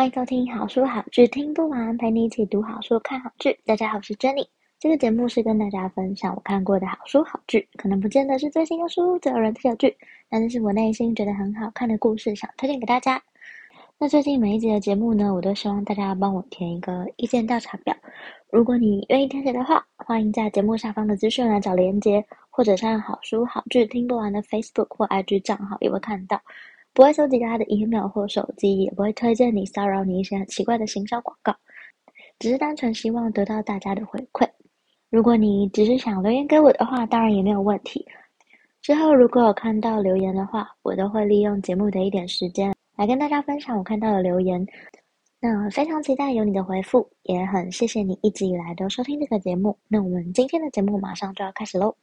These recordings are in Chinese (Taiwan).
歡迎收聽好書好劇聽不完，陪你一起讀好書、看好劇。大家好，我是 Jenny。這個節目是跟大家分享我看過的好書好劇，可能不見得是最新的書、最有人氣的劇，但這是我內心覺得很好看的故事，想推薦給大家。那最近每一集的節目呢，我都希望大家幫我填一個意見調查表。如果你願意填寫的話，歡迎在節目下方的資訊欄找連結，或者上好書好劇聽不完的 Facebook 或 IG 賬號也會看到。不會收集大家的 email 或手機，也不會推薦你騷擾你一些很奇怪的行銷廣告，只是單純希望得到大家的回饋。如果你只是想留言給我的話，當然也沒有問題。之後如果有看到留言的話，我都會利用節目的一點時間來跟大家分享我看到的留言。那非常期待有你的回復，也很謝謝你一直以來都收聽這個節目。那我們今天的節目馬上就要開始嘍。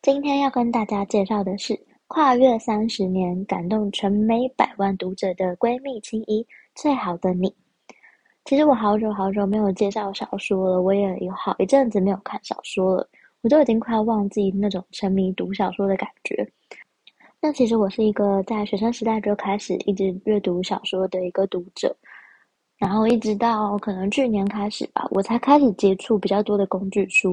今天要跟大家介紹的是。跨越三十年，感動全美百萬讀者的閨蜜情誼，《最好的妳》。其實我好久好久沒有介紹小說了，我也有好一陣子沒有看小說了，我都已經快要忘記那種沉迷讀小說的感覺。那其實我是一個在學生時代就開始一直閱讀小說的一個讀者，然後一直到可能去年開始吧，我才開始接觸比較多的工具書。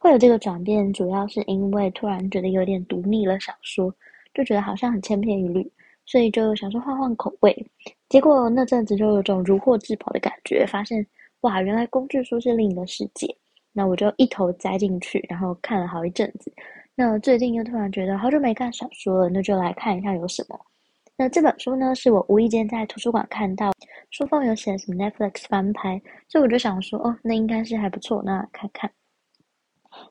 會有這個轉變，主要是因為突然覺得有點讀膩了小說，就覺得好像很千篇一律，所以就想說換換口味。結果那陣子就有種如獲至寶的感覺，發現哇，原來工具書是另一個世界。那我就一頭栽進去，然後看了好一陣子。那最近又突然覺得好久沒看小說了，那就來看一下有什麼。那這本書呢，是我無意間在圖書館看到，書封有寫什麼 Netflix 翻拍，所以我就想說哦，那應該是還不錯，那看看。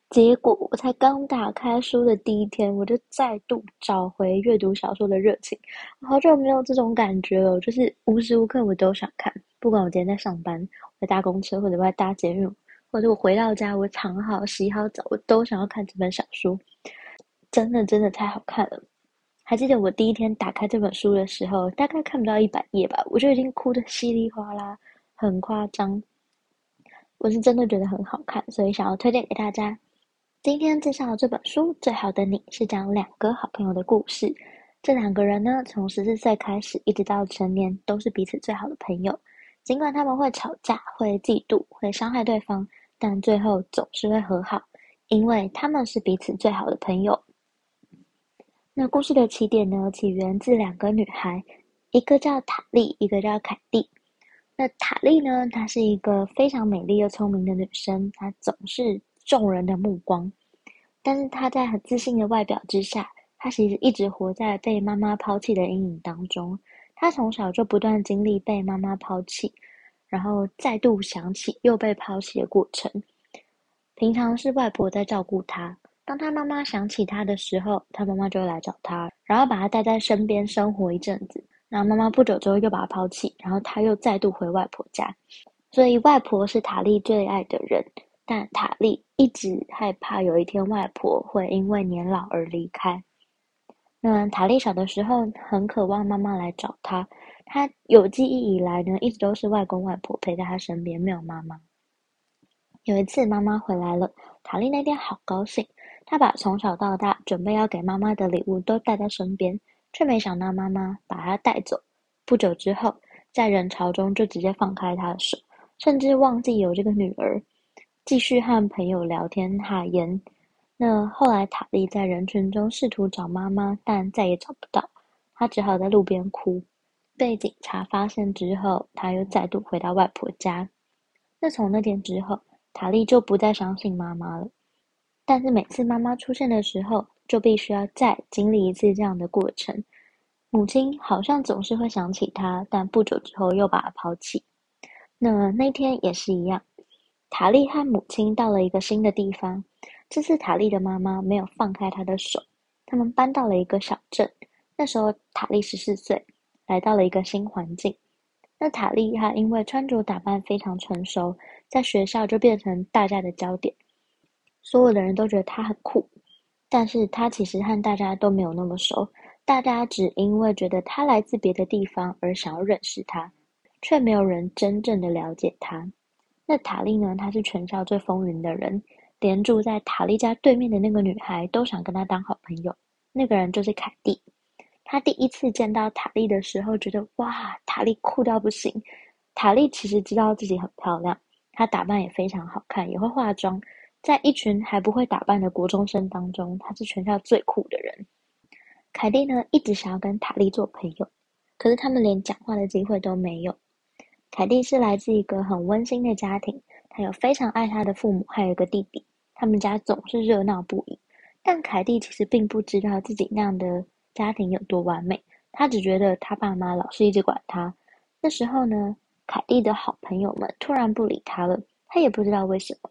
結果，我才剛打開書的第一天，我就再度找回閱讀小說的熱情。好久沒有這種感覺了，就是無時無刻我都想看，不管我今天在上班，我搭公車，或者我搭捷運，或者我回到家，我躺好洗好澡，我都想要看這本小說。真的真的太好看了！還記得我第一天打開這本書的時候，大概看不到一百頁吧，我就已經哭得稀里嘩啦，很誇張。我是真的覺得很好看，所以想要推薦給大家。今天介紹的這本書《最好的你》，是講兩個好朋友的故事。這兩個人呢，從十四歲開始，一直到成年，都是彼此最好的朋友。儘管他們會吵架、會嫉妒、會傷害對方，但最後總是會和好，因為他們是彼此最好的朋友。那故事的起點呢，起源自兩個女孩，一個叫塔莉，一個叫凱蒂。那塔莉呢？她是一個非常美麗又聰明的女生，她總是眾人的目光。但是她在很自信的外表之下，她其實一直活在被媽媽拋棄的陰影當中。她從小就不斷經歷被媽媽拋棄，然後再度想起又被拋棄的過程。平常是外婆在照顧她，當她媽媽想起她的時候，她媽媽就會來找她，然後把她帶在身邊生活一陣子。然後媽媽不久之後又把她拋棄，然後她又再度回外婆家，所以外婆是塔莉最愛的人，但塔莉一直害怕有一天外婆會因為年老而離開。那塔莉小的時候很渴望媽媽來找她，她有記憶以來呢，一直都是外公外婆陪在她身邊，沒有媽媽。有一次媽媽回來了，塔莉那天好高興，她把從小到大準備要給媽媽的禮物都帶在身邊。卻沒想到媽媽把她帶走，不久之後，在人潮中就直接放開她的手，甚至忘記有這個女兒，繼續和朋友聊天哈言。那後來塔莉在人群中試圖找媽媽，但再也找不到，她只好在路邊哭。被警察發現之後，她又再度回到外婆家。那從那天之後，塔莉就不再相信媽媽了。但是每次媽媽出現的時候，就必須要再經歷一次這樣的過程。母親好像總是會想起他，但不久之後又把他拋棄。那那天也是一樣。塔莉和母親到了一個新的地方，這次塔莉的媽媽沒有放開她的手。她們搬到了一個小鎮。那時候塔莉十四歲，來到了一個新環境。那塔莉她因為穿着打扮非常成熟，在學校就變成大家的焦點，所有的人都覺得她很酷。但是他其實和大家都沒有那麼熟，大家只因為覺得他來自別的地方而想要認識他，卻沒有人真正的了解他。那塔莉呢？她是全校最風雲的人，連住在塔莉家對面的那個女孩都想跟她當好朋友。那個人就是凱蒂。她第一次見到塔莉的時候，覺得哇，塔莉酷到不行。塔莉其實知道自己很漂亮，她打扮也非常好看，也會化妝。在一群還不會打扮的國中生當中，他是全校最酷的人。凱蒂呢，一直想要跟塔莉做朋友，可是他們連講話的機會都沒有。凱蒂是來自一個很溫馨的家庭，他有非常愛他的父母，還有一個弟弟，他們家總是熱鬧不已。但凱蒂其實並不知道自己那樣的家庭有多完美，他只覺得他爸媽老是一直管他。那時候呢，凱蒂的好朋友們突然不理他了，他也不知道為什麼。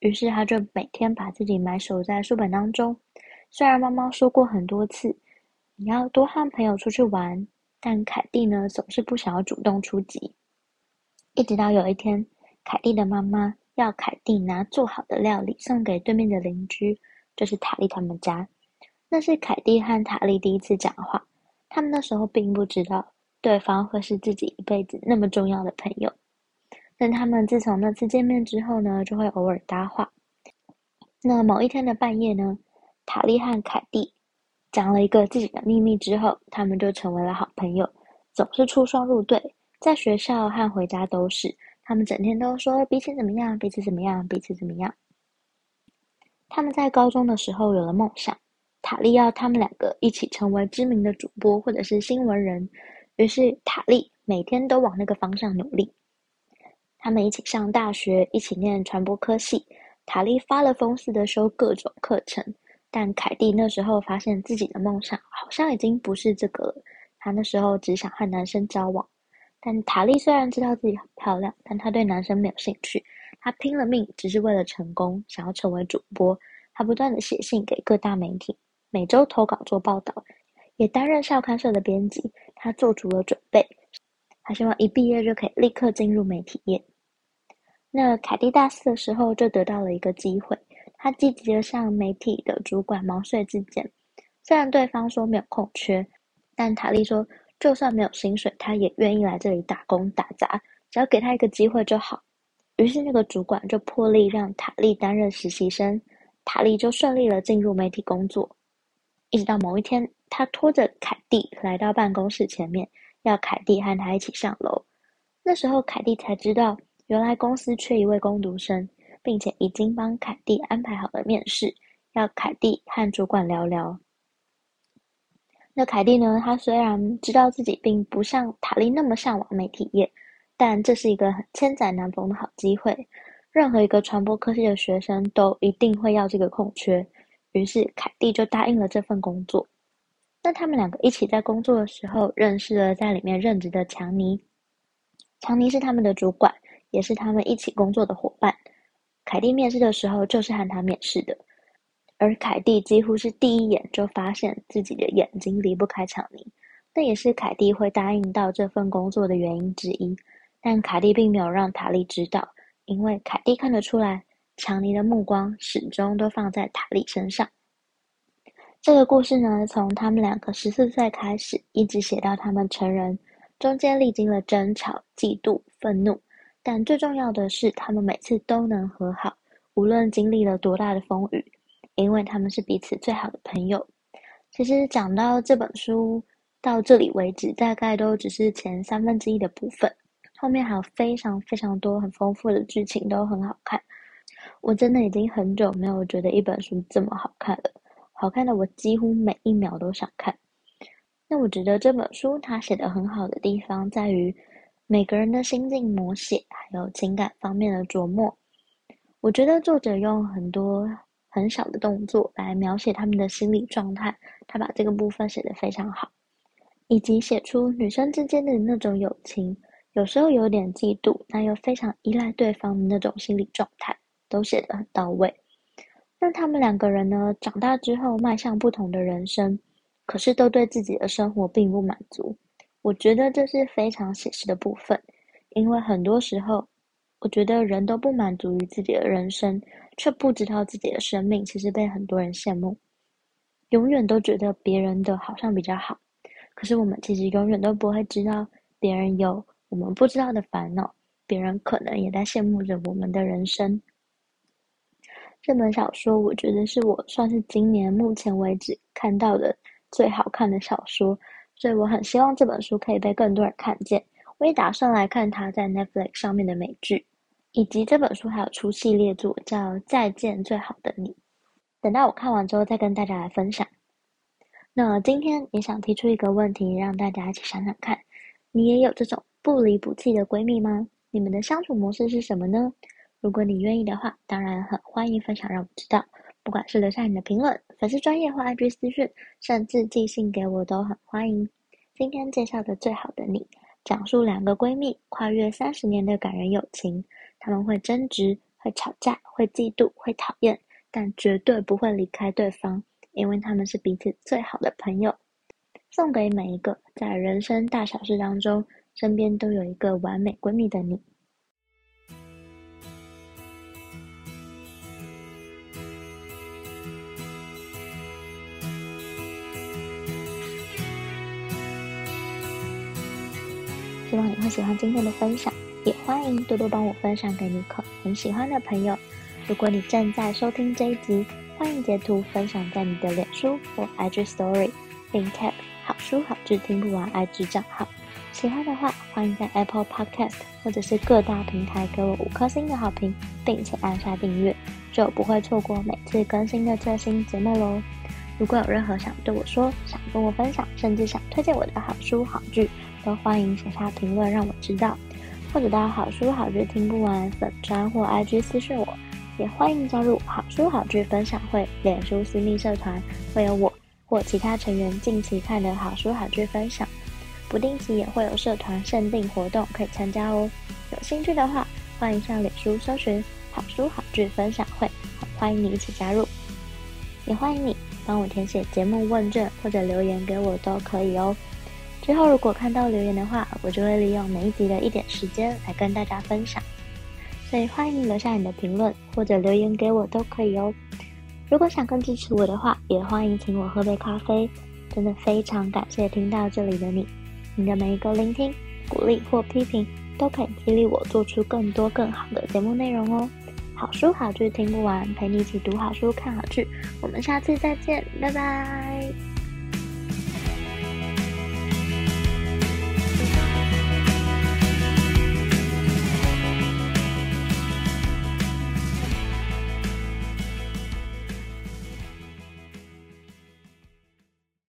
於是他就每天把自己埋首在書本當中。雖然媽媽說過很多次，你要多和朋友出去玩，但凱蒂呢，總是不想要主動出擊。一直到有一天，凱蒂的媽媽要凱蒂拿做好的料理送給對面的鄰居，就是塔莉他們家。那是凱蒂和塔莉第一次講話，他們那時候並不知道對方會是自己一輩子那麼重要的朋友。但他們自從那次見面之後呢，就會偶爾搭話。那某一天的半夜呢，塔莉和凱蒂講了一個自己的祕密之後，他們就成為了好朋友，總是出雙入對，在學校和回家都是。他們整天都說彼此怎麼樣，彼此怎麼樣，彼此怎麼樣。他們在高中的時候有了夢想，塔莉要他們兩個一起成為知名的主播或者是新聞人。於是塔莉每天都往那個方向努力。他們一起上大學，一起念傳播科系。塔莉發了瘋似的修各種課程，但凱蒂那時候發現自己的夢想好像已經不是這個了。她那時候只想和男生交往。但塔莉雖然知道自己很漂亮，但她對男生沒有興趣。她拼了命，只是為了成功，想要成為主播。她不斷地寫信給各大媒體，每周投稿做報道，也擔任校刊社的編輯。她做足了準備，她希望一畢業就可以立刻進入媒體業。那凱蒂大四的時候就得到了一個機會，他積極的向媒體的主管毛遂自薦。雖然對方說沒有空缺，但塔莉說就算沒有薪水，他也願意來這裡打工打雜，只要給他一個機會就好。於是那個主管就破例讓塔莉擔任實習生，塔莉就順利的進入媒體工作。一直到某一天，他拖着凱蒂來到辦公室前面，要凱蒂和他一起上樓。那時候凱蒂才知道。原來公司缺一位工讀生，並且已經幫凱蒂安排好了面試，要凱蒂和主管聊聊。那凱蒂呢？她雖然知道自己並不像塔莉那麼嚮往媒體業，但這是一個很千載難逢的好機會，任何一個傳播科系的學生都一定會要這個空缺。於是凱蒂就答應了這份工作。那他們兩個一起在工作的時候，認識了在裡面任職的強尼。強尼是他們的主管，也是他們一起工作的夥伴。凱蒂面試的時候就是和他面試的，而凱蒂幾乎是第一眼就發現自己的眼睛離不開強尼。那也是凱蒂會答應到這份工作的原因之一。但凱蒂並沒有讓塔利知道，因為凱蒂看得出來，強尼的目光始終都放在塔利身上。這個故事呢，從他們兩個十四歲開始，一直寫到他們成人，中間歷經了爭吵、嫉妒、憤怒。但最重要的是，他們每次都能和好，無論經歷了多大的風雨，因為他們是彼此最好的朋友。其實講到這本書到這裡為止，大概都只是前三分之一的部分，後面還有非常非常多很豐富的劇情，都很好看。我真的已經很久沒有覺得一本書這麼好看了，好看的我幾乎每一秒都想看。那我覺得這本書它寫得很好的地方在於。每個人的心境描寫，還有情感方面的著墨，我覺得作者用很多很小的動作來描寫他們的心理狀態，他把這個部分寫得非常好，以及寫出女生之間的那種友情，有時候有點嫉妒，但又非常依賴對方的那種心理狀態，都寫得很到位。那他們兩個人呢，長大之後邁向不同的人生，可是都對自己的生活並不滿足。我覺得這是非常寫實的部分，因為很多時候，我覺得人都不滿足於自己的人生，卻不知道自己的生命其實被很多人羨慕，永遠都覺得別人的好像比較好，可是我們其實永遠都不會知道別人有我們不知道的煩惱，別人可能也在羨慕着我們的人生。這本小說我覺得是我算是今年目前為止看到的最好看的小說。所以我很希望這本書可以被更多人看見，我也打算來看它在 Netflix 上面的美劇，以及這本書還有出系列作叫《再見，最好的你》。等到我看完之後再跟大家來分享。那今天也想提出一個問題，讓大家一起想想看：你也有這種不離不棄的閨蜜嗎？你們的相處模式是什麼呢？如果你願意的話，當然很歡迎分享讓我知道，不管是留下你的評論。粉絲專頁，IG 私訊，甚至寄信給我都很歡迎。今天介紹的最好的你，講述兩個閨蜜跨越三十年的感人友情。她們會爭執，會吵架，會嫉妒，會討厭，但絕對不會離開對方，因為她們是彼此最好的朋友。送給每一個在人生大小事當中，身邊都有一個完美閨蜜的你。希望你會喜歡今天的分享，也歡迎多多幫我分享給你可能很喜歡的朋友。如果你正在收聽這一集，歡迎截圖分享在你的臉書或 IG Story，並 Tap 好書好劇聽不完 IG 賬號。喜歡的話，歡迎在 Apple Podcast 或者是各大平台給我五顆星的好評，並且按下訂閱，就不會錯過每次更新的最新節目嘍。如果有任何想對我說、想跟我分享，甚至想推薦我的好書好劇，都歡迎寫下評論讓我知道，或者到好書好劇聽不完粉專或 IG 私訊我，也歡迎加入好書好劇分享會臉書私密社團，會有我或其他成員近期看的好書好劇分享，不定期也會有社團限定活動可以參加哦。有興趣的話，歡迎上臉書搜尋好書好劇分享會，歡迎你一起加入，也歡迎你幫我填寫節目問卷或者留言給我都可以哦。之後如果看到留言的話，我就會利用每一集的一點時間來跟大家分享，所以歡迎留下你的評論或者留言給我都可以哦。如果想更支持我的話，也歡迎請我喝杯咖啡。真的非常感謝聽到這裡的你，你的每一個聆聽、鼓勵或批評，都可以激勵我做出更多更好的節目內容哦。好書好劇聽不完，陪你一起讀好書、看好劇。我們下次再見，拜拜。